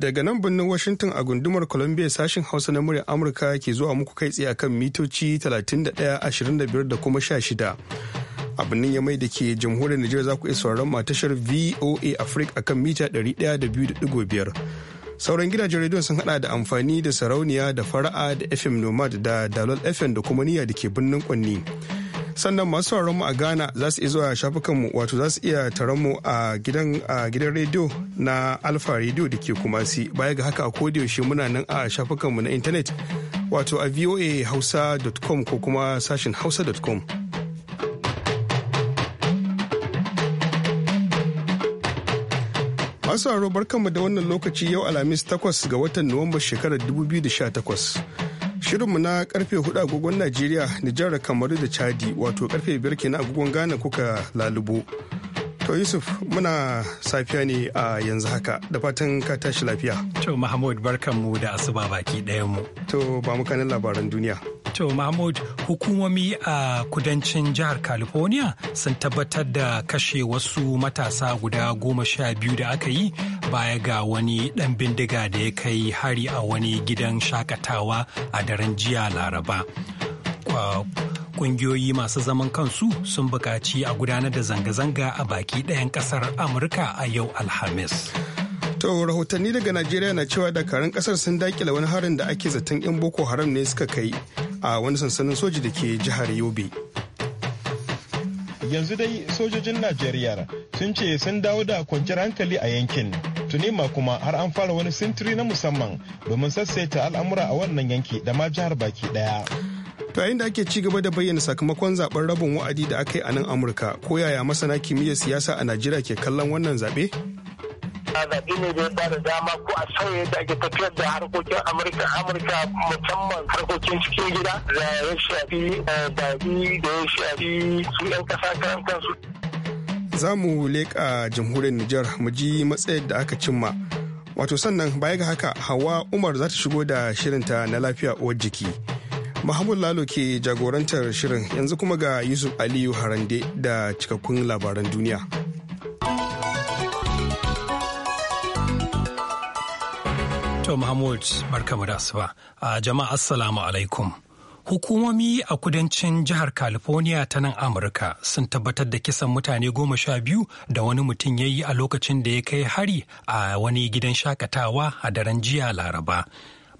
daga nan birnin Washington a gundumar Columbia sashin Hausa na murya Amurka ke zuwa muku kai tsaye akan mitoci 31.25 da kuma 16. a birnin yamai da ke jamhuriyar Nijar za ku iya sauraron tashar VOA Africa akan mita 102.5. Sauran gidajen rediyon sun hada da amfani da sarauniya da fara'a da FM Nomad da Dalol FM da kuma niyya da ke birnin Kwanni. sannan masu mu a ghana za su iya zuwa shafukanmu wato za su iya taron mu a gidan gidan rediyo na alfa rediyo da ke kumasi baya ga haka a yaushe muna nan a shafukanmu na intanet wato a voa hausa.com ko kuma sashin hausa.com masu sauraro barkanmu da wannan lokaci yau alhamis takwas ga watan nuwamba shekarar 2018 Shirinmu na karfe hudu agogon Najeriya, Nijar, Kamaru da Chadi wato karfe ke kenan agogon Ghana kuka lalubo. To Yusuf muna safiya ne a yanzu haka da fatan ka tashi lafiya. To Mahmud barkanmu da asuba baki ɗayanmu. To ba mu kanin labaran duniya. To Mahmud hukumomi a kudancin jihar California sun tabbatar da kashe wasu matasa guda goma sha biyu da aka yi baya ga wani ɗan bindiga da ya kai hari a wani gidan shakatawa a daren jiya Laraba. Kungiyoyi masu zaman kansu sun buƙaci a gudanar da zanga-zanga a baki ɗayan ƙasar Amurka a yau Alhamis. To rahotanni daga Najeriya na cewa dakarun kasar sun dakile wani harin da ake zaton 'yan Boko Haram ne suka kai a wani sansanin soji da ke jihar yobe yanzu dai sojojin najeriya sun ce sun dawo da kwanciyar hankali a yankin tuni ma kuma har an fara wani sintiri na musamman domin sassaita al'amura a wannan yanki da ma jihar baki daya To yayin da ake ci gaba da bayyana sakamakon zaben rabin wa'adi da aka yi a nan Amurka ko yaya masana kimiyyar siyasa a Najeriya ke kallon wannan zabe. zaɓe ne da ya da dama ko a sauya yadda ake tafiyar da harkokin amurka amurka musamman harkokin cikin gida da ya shafi eh, babi da ya shafi su 'yan ƙasa karan kansu za mu leƙa jamhuriyar nijar mu ji matsayar da aka cimma wato sannan baya ga haka hawa umar za ta shigo da shirinta na lafiya uwar jiki mahmud lalo ke jagorantar shirin yanzu kuma ga yusuf aliyu harande da cikakkun labaran duniya Dr. Mahmud barkamu da asuba. Jama'a assalamu alaikum. Hukumomi a kudancin jihar California ta nan Amurka sun tabbatar da kisan mutane goma sha biyu da wani mutum ya yi a lokacin da ya kai hari a wani gidan shakatawa a daren jiya Laraba.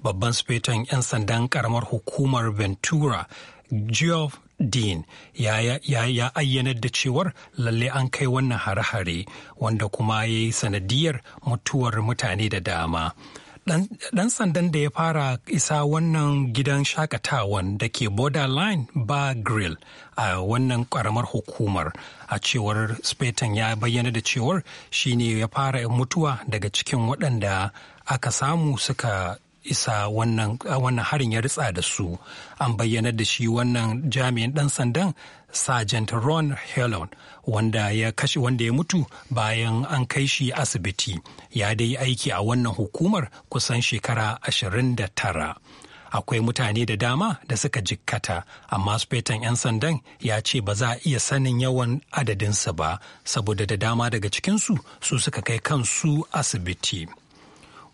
Babban sufetan 'yan sandan karamar hukumar Ventura, Geoff Dean ya, ya, ayyana da cewar lalle an kai wannan hare-hare wanda kuma ya yi sanadiyar mutuwar mutane da dama. dan sandan da ya fara isa wannan gidan shakatawan da ke borderline ba grill a wannan karamar hukumar a cewar spetan ya bayyana da cewar shi ne ya fara mutuwa daga cikin waɗanda aka samu suka isa wannan harin ya ritsa da su an bayyana da shi wannan jami'in ɗan sandan sergeant ron helen wanda ya kashe wanda ya mutu bayan an kai shi asibiti ya dai aiki a wannan hukumar kusan shekara ashirin da tara akwai mutane da dama da suka jikkata amma sufetan 'yan sandan ya ce ba za a iya sanin yawan adadinsa ba saboda da dama daga cikinsu su suka kai kansu asibiti.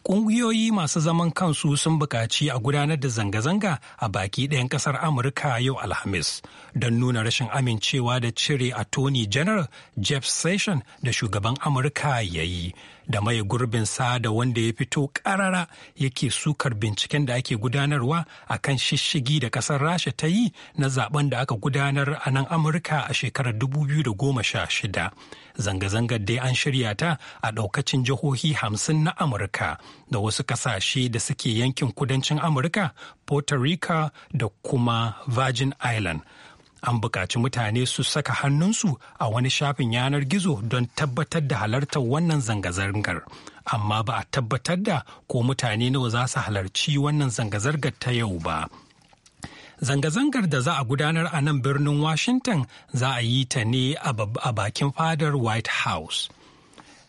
Ƙungiyoyi masu zaman kansu sun buƙaci a gudanar da zanga-zanga a baki ɗayan ƙasar Amurka yau Alhamis don nuna rashin amincewa da cire Attorney General Jeff Session da shugaban Amurka ya yi da mai gurbin sa da wanda ya fito karara yake sukar binciken da ake gudanarwa a kan shishigi da kasar rasha ta yi na zaben da aka gudanar a nan amurka a shekarar 2016 zanga-zangar dai an shirya ta a daukacin jihohi hamsin na amurka da wasu kasashe da suke yankin kudancin amurka puerto rico da kuma virgin island an buƙaci mutane su saka hannunsu a wani shafin yanar gizo don tabbatar da halartar wannan zanga-zangar amma ba a tabbatar da ko mutane nawa za su halarci wannan zanga-zangar ta yau ba zanga-zangar da za a gudanar a nan birnin washington za a yi ta ne a bakin fadar white house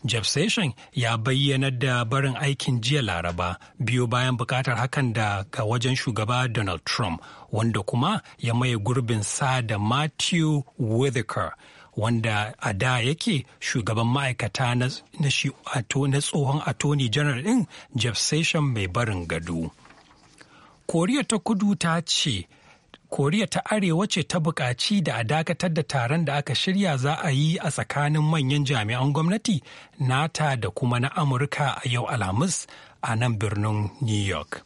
Jeff Sessions ya bayyana da barin aikin jiya Laraba biyu bayan bukatar hakan da ga wajen shugaba Donald Trump wanda kuma ya maye gurbin sa da Matthew Whitaker wanda a da yake shugaban ma'aikata na tsohon attorney general din Jeff Sessions mai barin gado. Koriya ta kudu ta ce koriya ta arewa ce ta buƙaci da a dakatar da taron da aka shirya za a yi a tsakanin manyan jami'an gwamnati nata da kuma na amurka a yau alhamis a nan birnin new york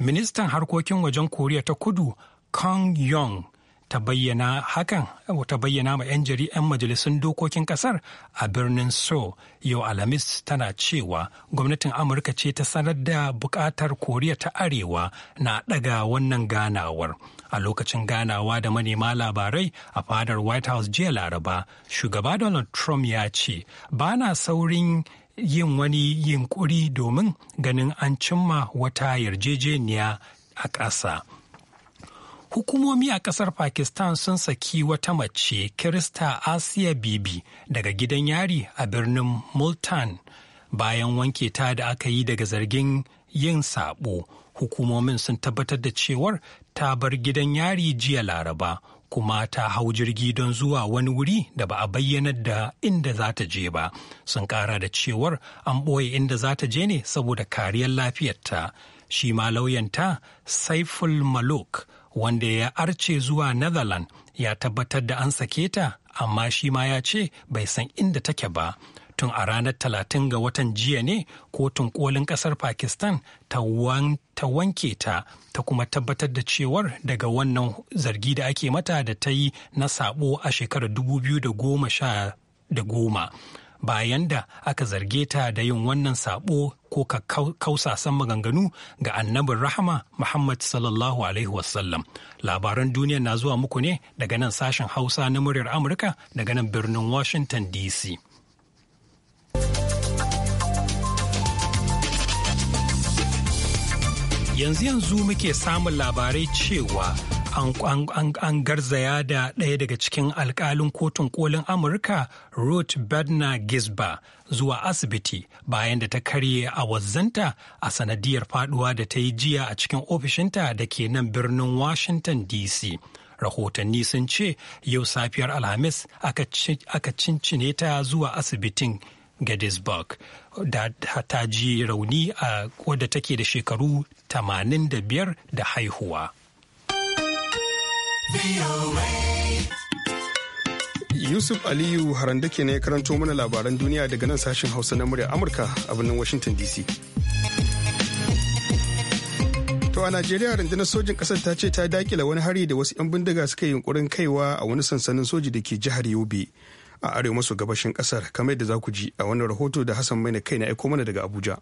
ministan harkokin wajen koriya ta kudu kong yong ta bayyana hakan ta bayyana ma 'yan jari'an majalisun dokokin kasar a birnin seoul yau alhamis tana cewa gwamnatin amurka ce ta sanar da buƙatar koriya ta arewa na ɗaga wannan ganawar a lokacin ganawa da manema labarai a fadar white house jiya laraba shugaba donald trump ya ce ba na saurin yin wani yunƙuri domin ganin an cimma wata yarjejeniya a ƙasa hukumomi a ƙasar pakistan sun saki wata mace kirista asiya bibi daga gidan yari a birnin multan bayan wanke ta da aka yi daga zargin yin sabo hukumomin sun tabbatar da cewar ta bar gidan yari jiya laraba kuma ta hau jirgi don zuwa wani wuri da ba a bayyanar da inda za ta je ba sun kara da cewar an ɓoye inda za ta je ne saboda kariyar lafiyarta shi ma lauyanta saiful maluk wanda ya arce zuwa netherlands ya tabbatar da an sake ta amma shi ma ya ce bai san inda take ba tun a ranar talatin ga watan jiya ne kotun kolin kasar pakistan ta wanke ta ta kuma tabbatar da cewar daga wannan zargi da ake mata da ta yi na sabo a shekarar goma. bayan da aka zarge ta da yin wannan sabo ko ka kausasan maganganu ga annabin rahama Muhammad sallallahu Alaihi wasallam. Labaran duniya na zuwa muku ne daga nan sashen Hausa na muryar Amurka daga nan birnin Washington DC. yanzu yanzu muke samun labarai cewa an garzaya da ɗaya daga cikin alkalin kotun kolin amurka ruth bednar gisba zuwa asibiti bayan da ta karye a wazzanta a sanadiyar faduwa da ta yi jiya a cikin ofishinta da ke nan birnin washington dc rahotanni sun ce yau safiyar alhamis aka cincine ta zuwa asibitin gettysburg da ta ji rauni a wadda take da shekaru 85 da haihuwa yusuf aliyu harandake ne karanto mana labaran duniya daga nan sashen hausa na murya amurka a birnin washington dc To a Najeriya rundunar sojin ƙasar ta ce ta dakila wani hari da wasu 'yan bindiga suka yi yunkurin kaiwa a wani sansanin soji da ke jihar Yobe. a arewa maso gabashin kasar kamar yadda za ku ji a wani rahoto da hassan mai na kai na aiko mana daga abuja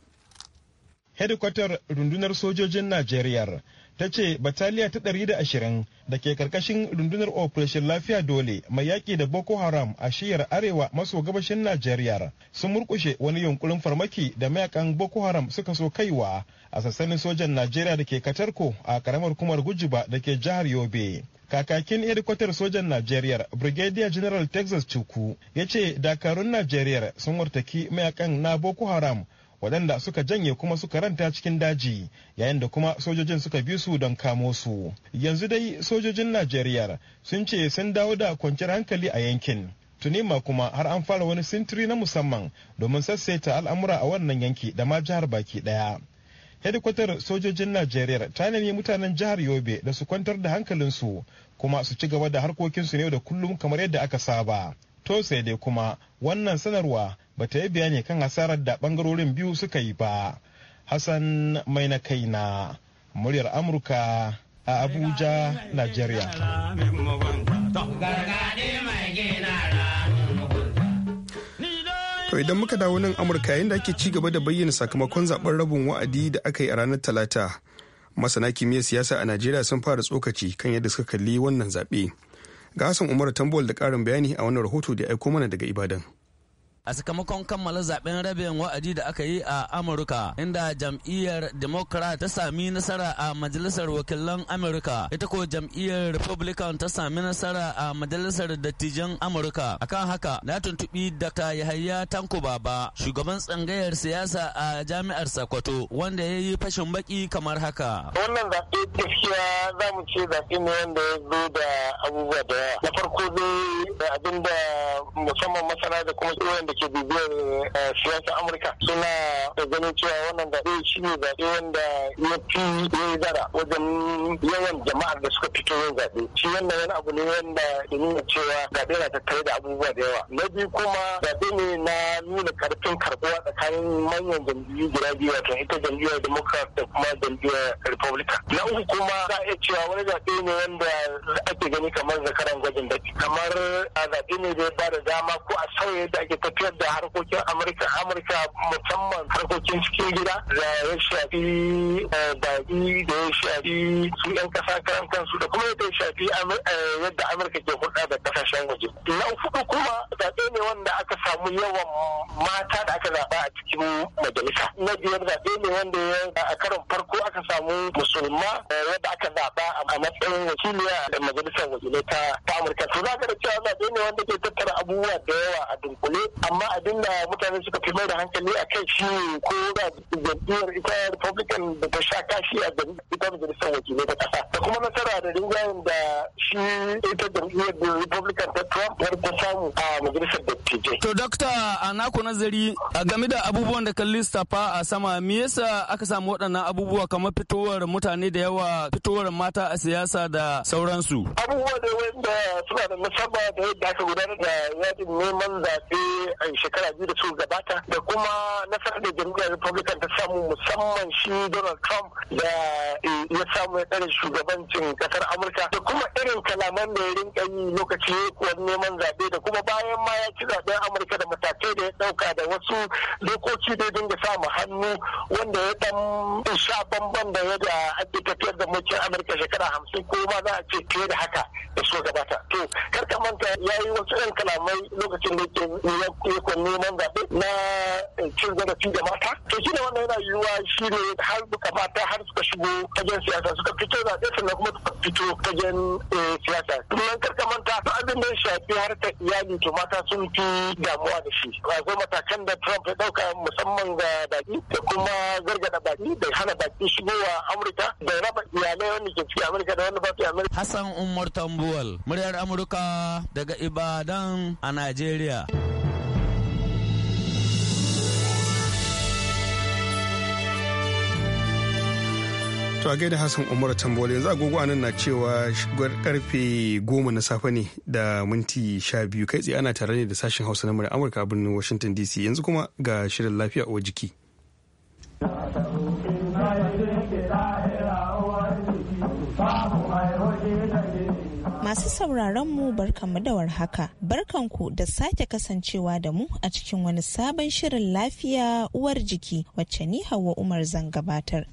hedikwatar rundunar sojojin najeriya ta ce bataliya ta 120 da ke karkashin rundunar operation lafiya dole mai yaƙi da boko haram a shiyar arewa maso gabashin najeriya sun murkushe wani yunkurin farmaki da mayakan boko haram suka so kaiwa a sassanin sojan najeriya da ke katarko a karamar kumar gujiba da ke jihar yobe kakakin hedikwatar sojan najeriya brigadier general texas chuku ya ce dakarun najeriya sun wartaki mayakan na boko haram waɗanda suka janye kuma suka ranta cikin daji yayin da kuma sojojin suka bi su don kamo su yanzu dai sojojin najeriya sun ce sun dawo da kwanciyar hankali a yankin tunima kuma har an fara wani sintiri na musamman domin sassaita al'amura a wannan yanki da ma jihar baki daya hedikwatar sojojin najeriya ta nemi mutanen jihar yobe da su kwantar da hankalinsu kuma su ci gaba da harkokinsu ne da kullum kamar yadda aka saba to sai dai kuma wannan sanarwa bata yi bayani kan hasarar da bangarorin biyu suka yi ba hassan mai na kai na muryar amurka a abuja nigeria To idan muka dawo nan Amurka yayin da ake ci gaba da bayyana sakamakon zaben rabin wa'adi da aka yi a ranar Talata. Masana kimiyya siyasa a Najeriya sun fara tsokaci kan yadda suka kalli wannan zaɓe. Ga Hassan Umar Tambol da ƙarin bayani a wannan rahoto da aiko mana daga Ibadan. a sakamakon kammala zaben rabin wa'adi da aka yi a amurka inda jam'iyyar democrat ta sami nasara a majalisar wakilan amurka ita ko jam'iyyar republican ta sami nasara a majalisar dattijan amurka akan haka na tuntubi dr yahaya tanko baba shugaban tsangayar siyasa a jami'ar sokoto wanda ya yi fashin baki kamar haka wannan zaɓe gaskiya za mu ce zaɓe ne wanda ya zo da abubuwa da yawa na farko dai abinda musamman masana da kuma da ke bibiyar eh, siyasar amurka suna da ganin cewa wannan zaɓe shi ne zaɓe wanda ya fi ya zara wajen yawan jama'ar da suka fito yin zaɓe shi wannan wani abu ne wanda ya nuna cewa zaɓe na tattare da abubuwa da yawa na biyu kuma zaɓe ne na nuna karfin karɓuwa tsakanin manyan jam'iyyu guda biyu wato ita jam'iyyar democrat da kuma jam'iyyar republican na uku kuma za a iya cewa wani zaɓe ne wanda ake gani kamar zakaran gwajin daki kamar a zaɓe ne da ya ba da dama ko a sauya yadda ake tafiya fitar da harkokin amurka amurka musamman harkokin cikin gida da ya shafi eh, baƙi da ya shafi su 'yan kasa karan kansu da kuma yadda ya shafi eh, yadda amurka ke hulɗa da kasashen waje na uku kuma zaɓe ne wanda aka samu yawan mata da aka zaɓa a cikin majalisa na biyar zaɓe ne wanda a karon farko aka samu musulma Yadda eh, aka zaɓa a matsayin wakiliya da majalisar wakilai ta amurka su za ka da cewa zaɓe ne wanda ke tattara abubuwa da yawa a dunkule amma abin da mutane suka fi mai da hankali a kai shi ko da jam'iyyar ita republican da ta sha kashi a ita majalisar wakilai ta kasa da kuma nasara da rinjayen da shi ita jam'iyyar republican ta trump ta samu a majalisar dattijai. to dokta a naku nazari a game da abubuwan da kan lissafa a sama me yasa aka samu waɗannan abubuwa kamar fitowar mutane da yawa fitowar mata a siyasa da sauransu. abubuwa da wanda suna da musamman da yadda aka gudanar da yaɗin neman zaɓe shekara biyu da su gabata da kuma nasarar da jam'iyyar republican ta samu musamman shi donald trump da eh, ya samu ya tsare shugabancin kasar amurka da kuma irin kalaman da ya rinka yi lokaci kuwa neman zaɓe da kuma bayan ma ya ci zaɓen amurka da matakai da ya ɗauka da wasu dokoki da ya dinga samu hannu wanda ya dan sha bamban da ya da ake tafiyar da mulkin amurka shekara hamsin ko ma za a ce fiye da haka da su gabata to kar ka manta ya yi wasu 'yan kalamai lokacin da ke ikon neman zaɓe na eh, cin zarafi da mata to shi ne wanda yana yiwuwa shi ne har suka mata har suka shigo fagen siyasa suka fito zaɓe sannan kuma suka fito fagen eh, siyasa sannan karka manta duk abin da ya shafi ta iyali to mata sun fi damuwa da shi akwai matakan da Trump ya ɗauka musamman ga baki da kuma gargada baki da hana baki shigowa Amurka da raba iyalai wanda ke ciki Amurka da wanda ba su Amurka. Hassan Umar Tambuwal, muryar Amurka daga Ibadan a Najeriya. To a gaida Hassan Umar Tambole yanzu agogo anan na cewa karfe goma na safe ne da minti sha biyu kai tsaye ana tare ne da sashen Hausa na Amurka a birnin Washington DC yanzu kuma ga shirin lafiya uwar jiki. Masu sauraron mu barkanmu da warhaka. Barkanku da sake kasancewa da mu a cikin wani sabon shirin lafiya uwar jiki wacce ni hawa Umar zan gabatar.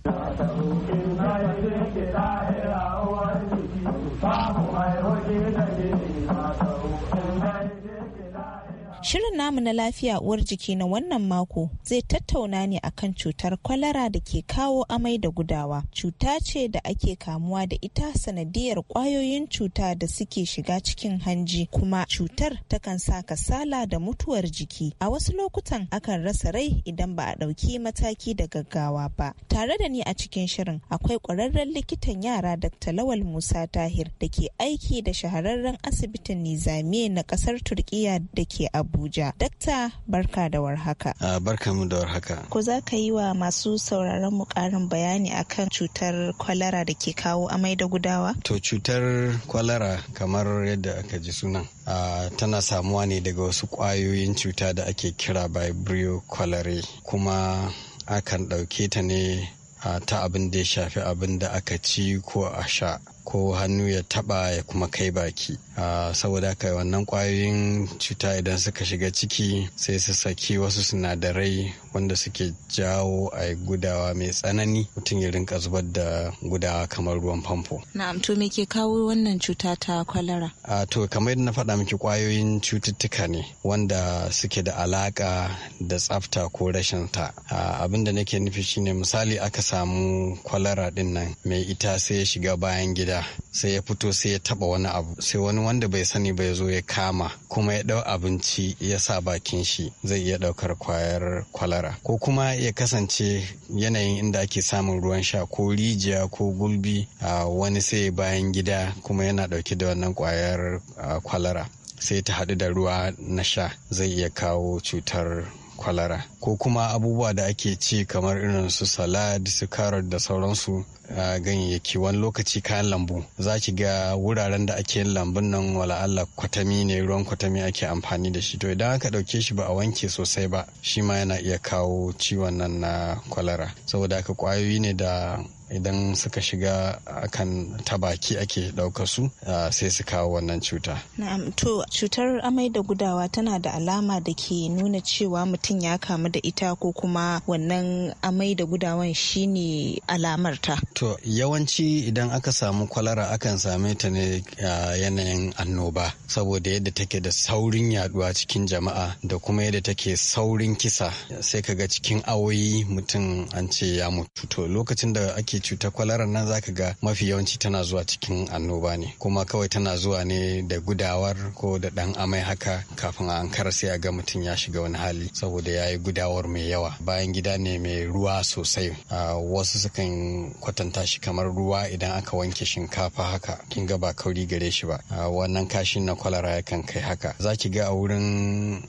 Shirin namu na lafiya uwar jiki na wannan mako zai tattauna ne akan cutar kwalara da ke kawo amai da gudawa. Cuta ce da ake kamuwa da ita sanadiyar kwayoyin cuta da suke shiga cikin hanji kuma cutar takan sa kasala da mutuwar jiki. A wasu lokutan akan rasa rai idan ba a ɗauki mataki da gaggawa ba. Tare da ni a cikin shirin akwai ƙwararren likitan yara Dr. Lawal Musa Tahir da ke aiki da shahararren asibitin Nizamiye na ƙasar Turkiyya da ke Abu. Abuja. Dakta barka da warhaka. Uh, ah, barka mu da warhaka. Ko za ka yi wa masu sauraron mu karin bayani akan cutar kwalara da ke kawo amai da gudawa? To cutar kwalara kamar yadda aka ji sunan. Uh, tana samuwa ne daga wasu ƙwayoyin cuta da ake kira vibrio cholerae kuma akan ɗauke ta ne uh, ta abin da ya shafi abin da aka ci ko a sha ko hannu ya taba ya kuma kai baki a saboda haka wannan kwayoyin cuta idan suka shiga ciki sai su saki wasu sinadarai wanda suke jawo a gudawa mai tsanani mutum ya rinka zubar da gudawa kamar ruwan famfo na'am to me ke kawo wannan cuta ta kwalara a to kamar yadda na faɗa miki kwayoyin cututtuka ne wanda suke da alaka da tsafta ko rashin ta abin da nake nufi shine misali aka samu kwalara din mai ita sai ya shiga bayan gida gida sai ya fito sai ya taba wani abu sai wani wanda bai sani ba ya zo ya kama kuma ya dau abinci ya sa bakin shi zai iya daukar kwayar kwalara ko kuma ya kasance yanayin inda ake samun ruwan sha ko rijiya ko gulbi a wani sai bayan gida kuma yana dauke da wannan kwayar kwalara sai ta haɗu da ruwa na sha zai iya kawo cutar kwalara ko kuma abubuwa da ake ci kamar irin su salad su carrot da sauransu a ganyayyaki wani lokaci kayan lambu za ki ga wuraren da ake yin lambun nan wala Allah kwatami ne ruwan kwatami ake amfani da shi to idan aka ɗauke shi ba a wanke sosai ba shi ma yana iya kawo ciwon nan na kwalara saboda haka kwayoyi ne da idan suka shiga akan tabaki ake ɗaukar su sai su kawo wannan cuta. Na'am to cutar amai da gudawa tana da alama da ke nuna cewa mutum ya kamu da ita ko kuma wannan amai da gudawan shine alamar ta. To yawanci idan aka samu kwalara akan same ta ne yanayin annoba saboda yadda take da saurin yaduwa cikin jama'a da kuma yadda take saurin kisa sai kaga cikin awoyi mutum an ce ya mutu. To lokacin da ake cutar kwalara nan zaka ga mafi yawanci tana zuwa cikin annoba ne kuma kawai tana zuwa ne da gudawar ko da ɗan amai haka kafin a ankara sai a ga mutum ya shiga wani hali saboda ya yi gudawar mai yawa bayan gida ne mai ruwa sosai wasu sukan kwatanta shi kamar ruwa idan aka wanke shinkafa haka kin ga ba kauri gare shi ba wannan kashin na kwalara yakan kai haka za ki ga a wurin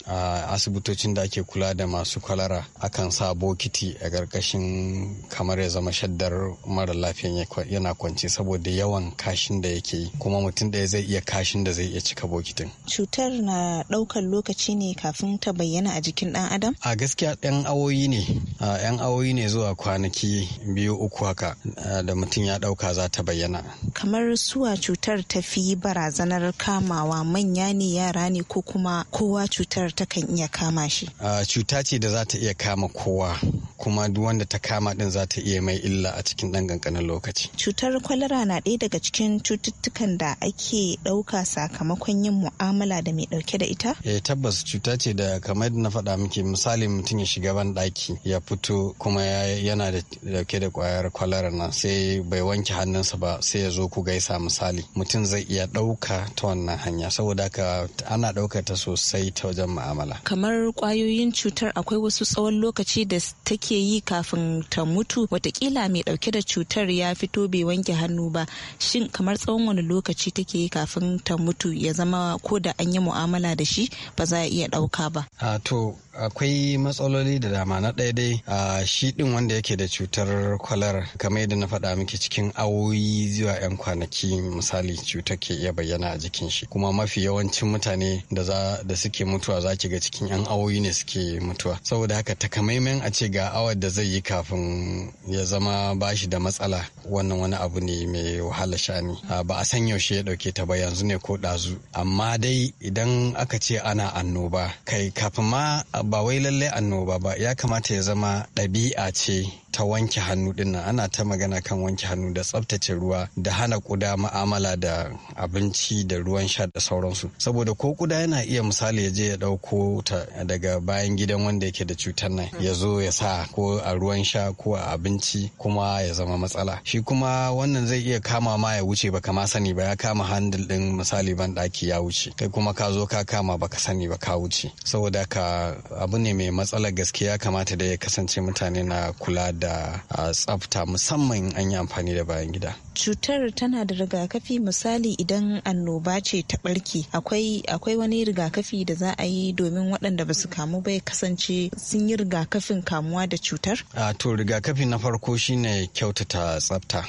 asibitocin da ake kula da masu kwalara akan sa bokiti a ƙarƙashin kamar ya zama shaddar mara lafiyan yana kwance saboda yawan kashin da yake yi kuma mutum ɗaya zai iya kashin da zai iya cika bokitin. Cutar na daukar lokaci ne kafin ta bayyana a jikin ɗan adam? A gaskiya yan awoyi ne, yan awoyi ne zuwa kwanaki biyu uku haka da mutum ya ɗauka za ta bayyana. Kamar suwa cutar ta fi barazanar kamawa manya ne yara ne ko kuma kowa cutar ta kan iya kama shi? Cuta ce da za ta iya kama kowa kuma duk wanda ta kama din za ta iya mai illa a cikin Nan ɗan ƙanƙanin lokaci. Cutar kwalara na ɗaya daga cikin cututtukan da ake ɗauka sakamakon yin mu'amala da mai ɗauke da ita? Eh tabbas cuta ce da kamar na faɗa miki misali mutum ya shiga ban ɗaki ya fito kuma yana da ɗauke da ƙwayar kwalara na sai bai wanke hannunsa ba sai ya zo ku gaisa misali mutum zai iya ɗauka ta wannan hanya saboda haka ana ɗaukar ta sosai ta wajen mu'amala. Kamar ƙwayoyin cutar akwai wasu tsawon lokaci da take yi kafin ta mutu watakila mai ɗauke da ita cutar ya fito bai wanke hannu ba shin kamar tsawon wani lokaci take kafin ta mutu ya zama ko da an yi mu'amala da shi ba za a iya ɗauka ba. to akwai matsaloli da dama na ɗaya dai a shi ɗin wanda yake da cutar kwalar kamar yadda na faɗa miki cikin awoyi zuwa 'yan kwanaki misali cutar ke iya bayyana a jikin shi kuma mafi yawancin mutane da za da suke mutuwa za ki ga cikin 'yan awoyi ne suke mutuwa saboda haka takamaiman a ce ga awar da zai yi kafin ya zama bashi shi da matsala wannan wani abu ne mai wahala shani ah, ba a san yaushe ya dauke ta ba yanzu ne ko dazu amma dai idan aka ce ana annoba kai kafin ma ba wai lallai annoba ba ya kamata ya zama ɗabi'a ce ta wanke hannu din nan ana ta magana kan wanke hannu da tsabtace ruwa da hana kuda ma'amala da abinci da ruwan sha da sauransu saboda ko kuda yana iya misali ya je ya dauko ta daga bayan gidan wanda yake da cutar nan ya zo ya sa ko a ruwan sha ko a abinci kuma ya zama matsala shi kuma wannan zai iya kama ma ya wuce baka ma sani ba ya kama handil din misali ban daki ya wuce kai kuma ka zo ka kama baka sani ba ka wuce saboda ka abu ne mai matsalar gaskiya kamata da ya kasance mutane na kula da ah, tsafta musamman an yi amfani da bayan gida. cutar tana da rigakafi misali idan annoba ce ta barke akwai wani rigakafi da za a yi domin waɗanda ba su kamu bai kasance sun yi rigakafin kamuwa da cutar a to rigakafi na farko shine kyautata tsafta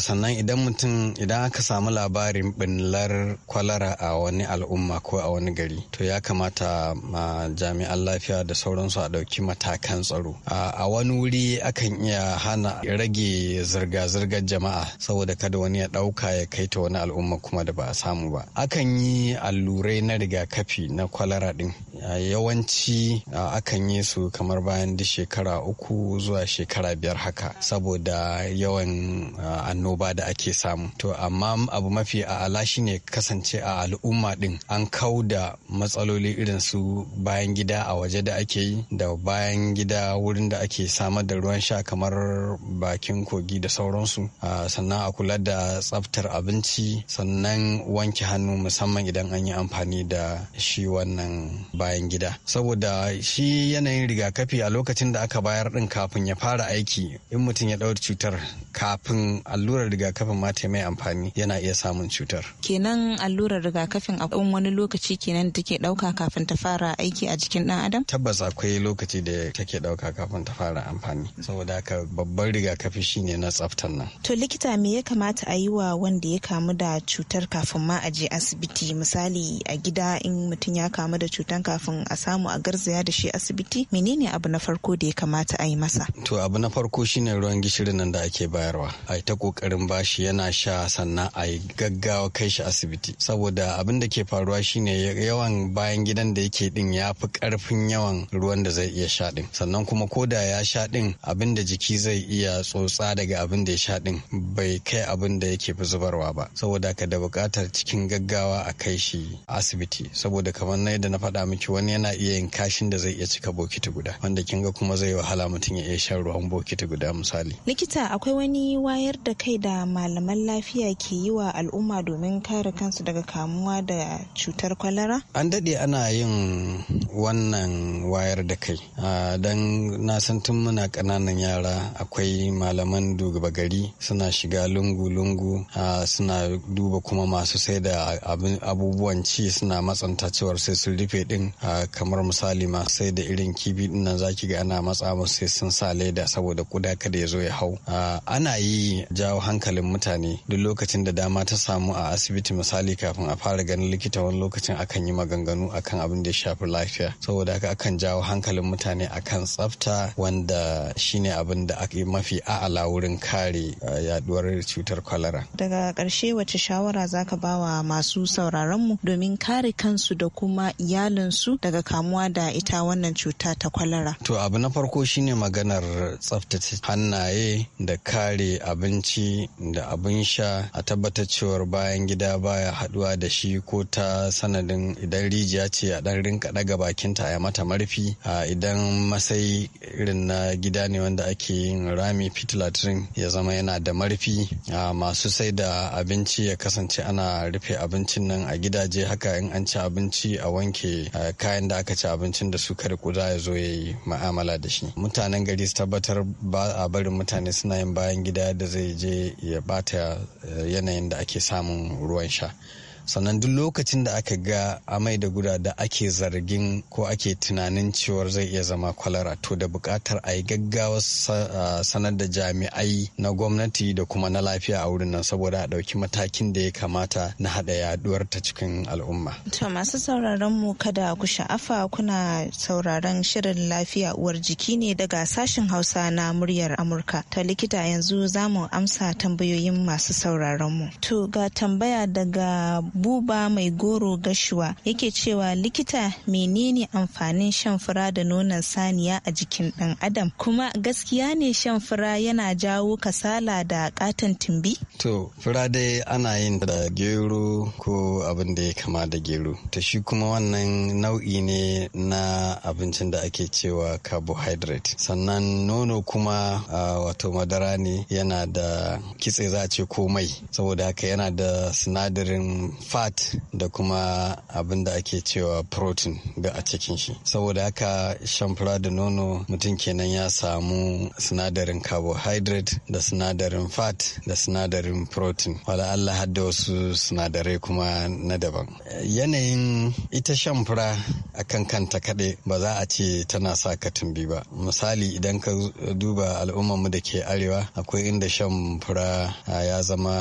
sannan idan mutum idan aka samu labarin binlar kwalara a wani al'umma ko a wani gari to ya kamata ma jami'an lafiya da sauransu a ɗauki matakan tsaro a wani wuri akan iya hana rage zirga-zirgar jama'a saboda da kada wani ya ɗauka ya kai ta wani al'umma kuma da ba a samu ba akan yi allurai na rigakafi na kwalara ɗin yawanci akan yi su kamar bayan duk shekara uku zuwa shekara biyar haka saboda yawan annoba da ake samu to amma abu mafi a'ala shine kasance a al'umma ɗin an kau da matsaloli irin su bayan gida a waje da ake yi da bayan gida wurin da ake samar da ruwan sha kamar bakin kogi da sauransu sannan a kula da tsaftar abinci sannan wanke hannu musamman idan an yi amfani da shi wannan bayan gida saboda shi yanayin rigakafi a lokacin da aka bayar din kafin ya fara aiki in mutum ya ɗaura cutar kafin allurar rigakafin ma ta mai amfani yana iya samun cutar kenan allurar rigakafin a wani lokaci kenan take ɗauka kafin ta fara aiki a jikin ɗan adam tabbas akwai lokaci da take ɗauka kafin ta fara amfani saboda haka babban rigakafi shine na tsaftar nan to likita me ya? ya kamata a yi wa wanda ya kamu da cutar kafin ma a je asibiti misali a gida in mutum ya kamu da cutar kafin a samu a garzaya da shi asibiti menene abu na farko da ya kamata a yi masa to abu na farko shine ruwan gishirin nan da ake bayarwa a ta kokarin bashi yana sha sannan a gaggawa kai shi asibiti saboda abin da ke faruwa shine yawan bayan gidan da yake din ya fi karfin yawan ruwan da zai iya sha din sannan kuma ko da ya sha din abin da jiki zai iya tsotsa daga abin da ya sha din bai kai abin da yake fi zubarwa ba saboda ka da buƙatar cikin gaggawa a kai shi asibiti saboda kamar na yadda na faɗa miki wani yana iya yin kashin da zai iya cika bokiti guda wanda kin ga kuma zai wahala mutum ya iya shan ruwan bokiti guda misali likita akwai wani wayar da kai da malaman lafiya ke yi wa al'umma domin kare kansu daga kamuwa da cutar kwalara an daɗe ana yin wannan wayar da kai don na san tun muna ƙananan yara akwai malaman dugaba gari suna shiga lungu-lungu suna duba kuma masu sai da abubuwan ci suna matsanta cewar sai sun rufe din kamar misali ma sai da irin kibi din nan zaki ga ana matsa musu sai sun sa leda saboda kuda kada ya zo ya hau ana yi jawo hankalin mutane duk lokacin da dama ta samu a asibiti misali kafin a fara ganin likita wani lokacin akan yi maganganu akan abin da ya shafi lafiya saboda haka akan jawo hankalin mutane akan tsafta wanda shine abin da ake mafi a'ala wurin kare yaduwar cutar kwalara. Daga karshe wace shawara za ka ba wa masu sauraronmu domin kare kansu da kuma iyalinsu daga kamuwa da ita wannan cuta ta kwalara? To abu na farko shine maganar tsaftace hannaye da kare abinci da abin sha a tabbatar cewar bayan gida baya haduwa da shi ko ta sanadin idan rijiya ce a dan rinka ɗaga bakinta a mata marfi a idan masai irin na gida ne wanda ake yin rami pit ya zama yana da marfi a masu sai da abinci ya kasance ana rufe abincin nan a gidaje haka in an ci abinci a wanke eh, kayan da aka ci abincin da su kar kuda ya zo ya yi ma'amala da shi mutanen gari su tabbatar ba a barin mutane suna yin bayan gida da zai je ya bata eh, yanayin da ake samun ruwan sha sannan duk lokacin da aka ga amai da guda da ake zargin ko ake tunanin cewar zai iya zama kwalara to da buƙatar a yi gaggawa sanar da jami'ai na gwamnati da kuma na lafiya a wurin nan saboda a ɗauki matakin da ya kamata na haɗa yaduwar ta cikin al'umma. To masu sauraron mu kada ku sha'afa kuna sauraron shirin lafiya uwar jiki ne daga sashen Hausa na muryar Amurka. Ta likita yanzu za mu amsa tambayoyin masu sauraron mu. To ga tambaya daga buba mai goro gashuwa yake cewa likita menene amfanin shan fura da nonon saniya a jikin ɗan adam kuma gaskiya ne shan fura yana jawo kasala da katon tumbi? To fura dai ana yin da gero ko abin da ya kama da gero. ta shi kuma wannan nau'i ne na abincin da ake cewa carbohydrate. Sannan nono kuma wato madara ne yana da kitse za a ce ko saboda haka yana da sinadarin fat da kuma abin da ake cewa protein da a cikin shi saboda haka shan fura da nono mutum kenan ya samu sinadarin carbohydrate da sinadarin fat da sinadarin protein wala Allah har da wasu sinadarai kuma na daban yanayin ita shan fura a kanta kaɗai ba za a ce tana sa ka tumbi ba misali idan ka duba mu da ke arewa akwai inda shan fura ah, ya zama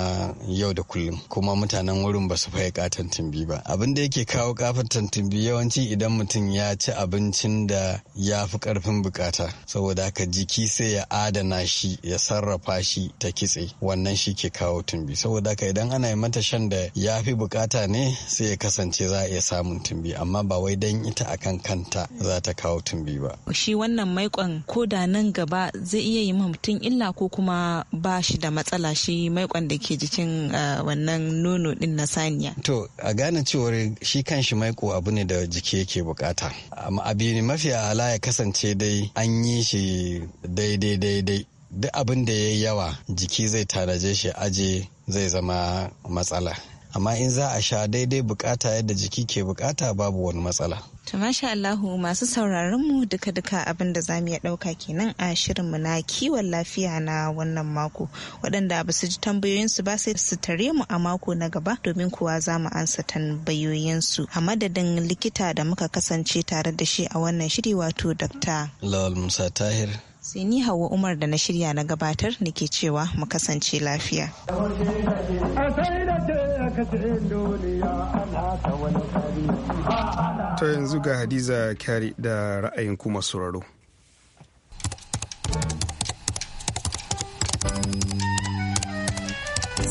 yau da kullum kuma mutanen wurin ba su su faye katon tumbi ba abin da yake kawo kafatan tumbi yawanci idan mutum ya ci abincin da ya fi karfin bukata saboda haka jiki sai ya adana shi ya sarrafa shi ta kitse wannan shi ke kawo tumbi saboda haka idan ana yi mata shan da ya fi bukata ne sai ya kasance za a iya samun tumbi amma ba wai dan ita akan kanta za ta kawo tumbi ba shi wannan maikon ko da nan gaba zai iya yi ma mutum illa ko kuma ba shi da matsala shi maikon da ke jikin eh, wannan nono din na sani manya. To a gane cewar shi kan shi maiko abu ne da jiki yake bukata. Amma abu ne mafi ala ya kasance dai an yi shi daidai daidai. Duk abin da ya yi yawa jiki zai tanaje shi aje zai zama matsala. Amma in za a sha daidai bukata yadda jiki ke bukata babu wani matsala. To masha Allahu masu sauraron mu duka-duka abin da zamu iya ɗauka kenan a shirinmu na kiwon lafiya na wannan mako. Waɗanda ba su ji tambayoyinsu ba sai su tare mu a mako na gaba domin kuwa za mu ansa tambayoyinsu. A madadin likita da muka kasance tare da shi a wannan shiri wato Dr. Lawal Musa Tahir. sai ni hawa umar da na shirya na gabatar nake cewa mu kasance lafiya ta yanzu ga hadiza kyari da ra'ayin kuma sauraro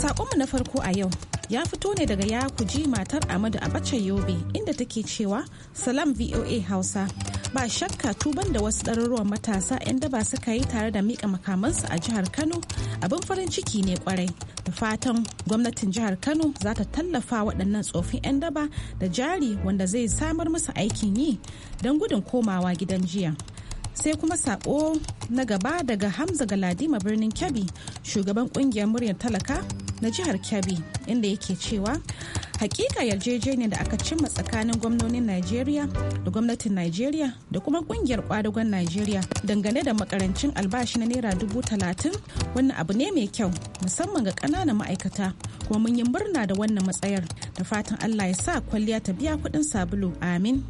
saƙonmu na farko a yau ya fito ne daga ya kuji matar Amadu Abacha Yobe inda take cewa Salam VOA Hausa ba shakka tuban da wasu ɗaruruwan matasa 'yan daba suka yi tare da mika makamansu a jihar kano abin farin ciki ne kwarai da fatan gwamnatin jihar kano za ta tallafa waɗannan tsofin 'yan daba da jari wanda zai samar musu aikin yi don gudun komawa gidan jiya sai kuma sako na gaba daga hamza galadima birnin kebbi shugaban ƙungiyar muryar talaka na jihar Kebbi inda yake cewa hakika yarjejeniyar da aka cimma tsakanin gwamnonin Najeriya da gwamnatin Najeriya da kuma kungiyar kwadagon Najeriya dangane da makarancin albashi na naira dubu talatin wannan abu ne mai kyau musamman ga ƙananan ma'aikata kuma mun yi murna da wannan matsayar da fatan Allah ya sa kwalliya ta biya kuɗin sabulu amin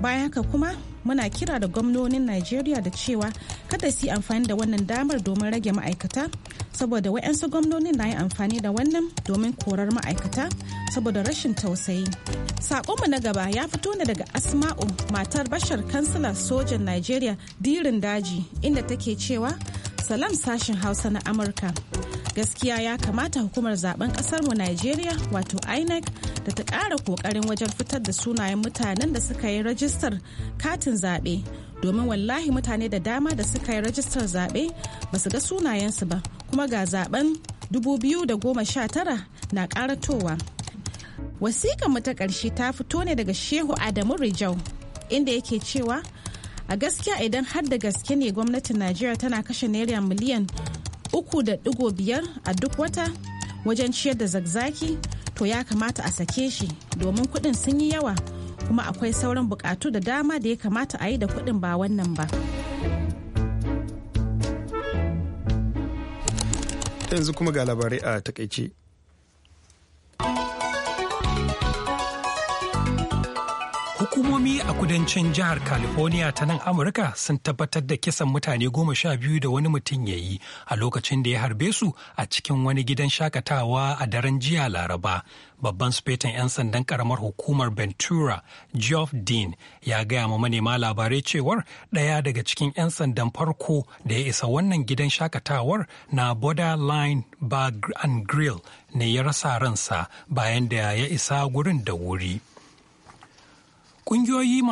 bayan haka kuma muna kira da gwamnonin najeriya da cewa kada su yi amfani da wannan damar domin rage ma'aikata saboda wa'yansu gwamnonin na yi amfani da wannan domin korar ma'aikata saboda rashin tausayi. Sakonmu na gaba ya fito ne daga Asma'u matar bashar kansilar sojan Najeriya dirin daji inda take cewa salam sashin Hausa na Amurka. Gaskiya ya kamata hukumar zaben mu Najeriya wato INEC da ta ƙara ƙoƙarin wajen fitar da sunayen mutanen da suka yi rajistar katin zaɓe domin wallahi mutane da dama da suka yi rajistar zaɓe ba su ga sunayensu ba kuma ga zaben 2019 na karatowa. mu ta ƙarshe ta fito ne daga Shehu Adamu Rijau inda yake cewa a gaskiya idan har da gaske ne gwamnatin Najeriya tana kashe naira miliyan 3.5 a duk wata wajen ciyar da zagzaki to ya kamata a sake shi domin kuɗin sun yi yawa kuma akwai sauran buƙatu da dama da ya kamata a yi da kuɗin ba wannan ba. yanzu kuma ga labarai a takaice. Hukumomi a kudancin jihar California ta nan Amurka sun tabbatar da kisan mutane goma sha biyu da wani mutum ya yi a lokacin da ya harbe su a cikin wani gidan shakatawa a daren jiya Laraba. Babban sufetan 'yan sandan karamar hukumar Ventura, Geoff Dean, ya gaya ma manema labarai cewar ɗaya daga cikin 'yan sandan farko da ya isa wannan gidan shakatawar na Borderline Bar and Grill ne ya rasa ransa bayan da ya isa gurin da wuri. Ƙungiyoyin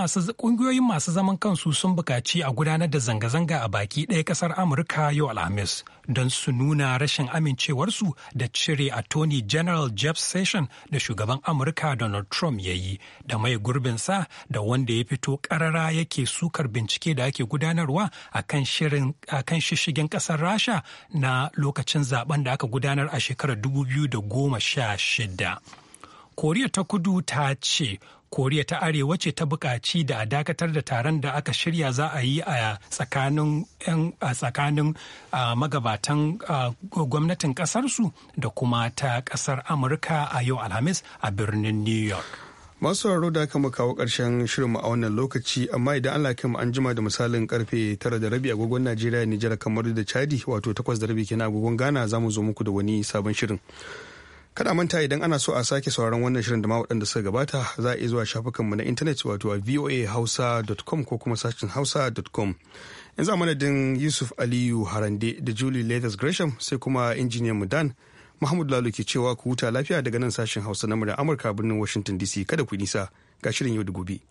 masu zaman kansu sun buƙaci a gudanar da zanga-zanga a baki ɗaya ƙasar Amurka yau Alhamis don su nuna rashin amincewarsu da cire Attorney General Jeff Sessions da shugaban Amurka Donald Trump ya yi da mai gurbinsa da wanda ya fito ƙarara yake sukar bincike da ake gudanarwa a kan shishigin ƙasar Rasha na lokacin zaben da aka gudanar a shekarar 2016. Koriya ta kudu ta ce koriya ta arewa ce ta buƙaci da a dakatar da taron da aka shirya za a yi a tsakanin tsakanin magabatan gwamnatin ƙasarsu da kuma ta ƙasar amurka a yau alhamis a birnin new york masu sauraro da aka kawo karshen shirin a wannan lokaci amma idan Allah kai an jima da misalin karfe tara da rabi agogon Najeriya Nijar kamar da Chadi wato takwas da rabi kenan agogon Ghana za mu zo muku da wani sabon shirin. Kada manta idan ana so a sake sauraron wannan shirin da ma waɗanda suka gabata za a iya zuwa shafukanmu na intanet wato a voahausa.com ko kuma sashin hausa.com. Yanzu a madadin Yusuf Aliyu Harande da Julie Leathers Gresham sai kuma injiniyan mu Dan Mahmud lalu ke cewa ku huta lafiya daga nan sashin Hausa na Amurka birnin Washington DC kada ku nisa ga shirin yau da gobe.